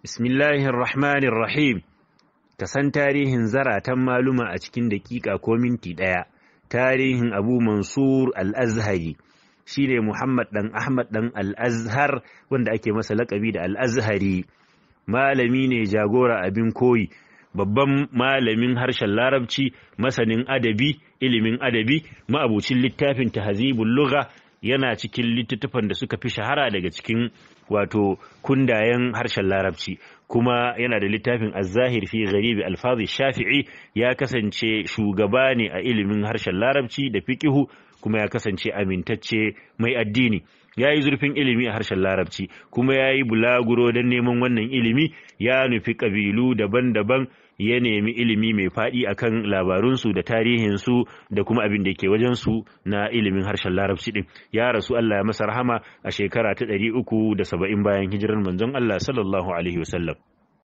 bismillahir rahmanir rahim ka san tarihin zaratan maluma a cikin daƙiƙa ko minti ɗaya tarihin abu mansur al-azhari shi ne muhammad ɗan ahmad ɗan al-azhar wanda ake masa laƙabi da al-azhari malami ne jagora abin koyi babban malamin harshen larabci masanin adabi ilimin adabi ma'abucin littafin tahzibul lugha yana cikin littattafan da suka fi shahara daga cikin wato kundayen harshen larabci kuma yana da littafin az-zahir fi gharibi alfazi shafi'i ya kasance shugaba ne a ilimin harshen larabci da fiqihu kuma ya kasance amintacce mai addini ya yi zurfin ilimi a harshen larabci kuma ya yi bulaguro don neman wannan ilimi ya nufi ƙabilu daban-daban ya nemi ilimi mai faɗi a kan labarunsu da tarihinsu da kuma abin da ke wajensu na ilimin harshen larabci ɗin ya rasu Allah ya masa rahama a shekara ta ɗari uku da saba'in bayan hijirar manzon Allah sallallahu alaihi wasallam